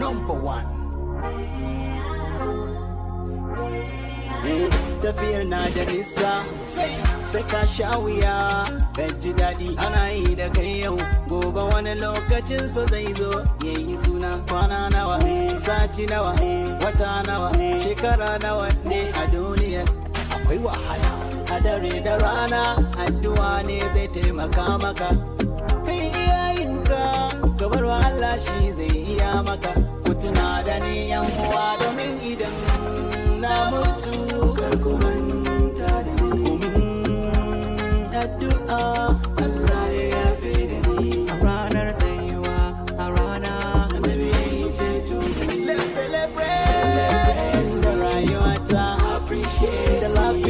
number one. Tafiyar na da nisa, sai ka sha wuya, ka ji daɗi ana yi da kai yau, gobe wani lokacinsa zai zo, ya yi suna kwana nawa, sati nawa, wata nawa, shekara nawa ne a duniya? Akwai wahala. A dare da rana, addu'a ne zai taimaka maka, kai iyayenka.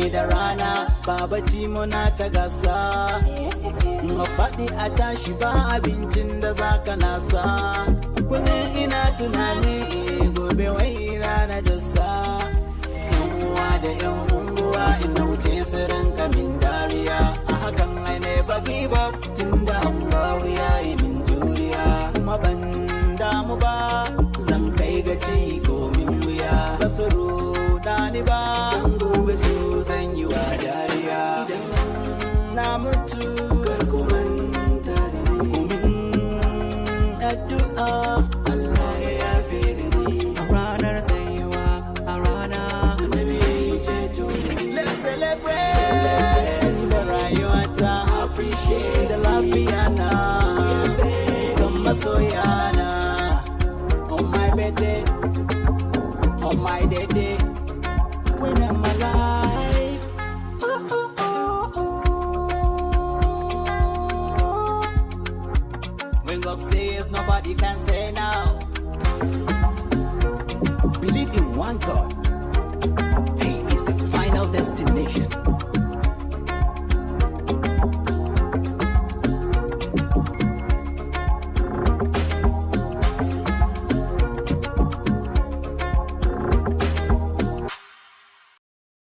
dare da rana Baba babaci muna ta gasa faɗi a tashi ba abincin da zaka ka nasa kullum ina tunani gobe wai ina na dasa uwa da yan unguwa ina wuce sirrin kamin dariya a hakan ne baki ba tun da allahu ya yi min juriya kuma ban damu ba zan kai gaci komin wuya kasaro dani ba soyana on my birthday, on my day day. just says, nobody can say now. Believe in one God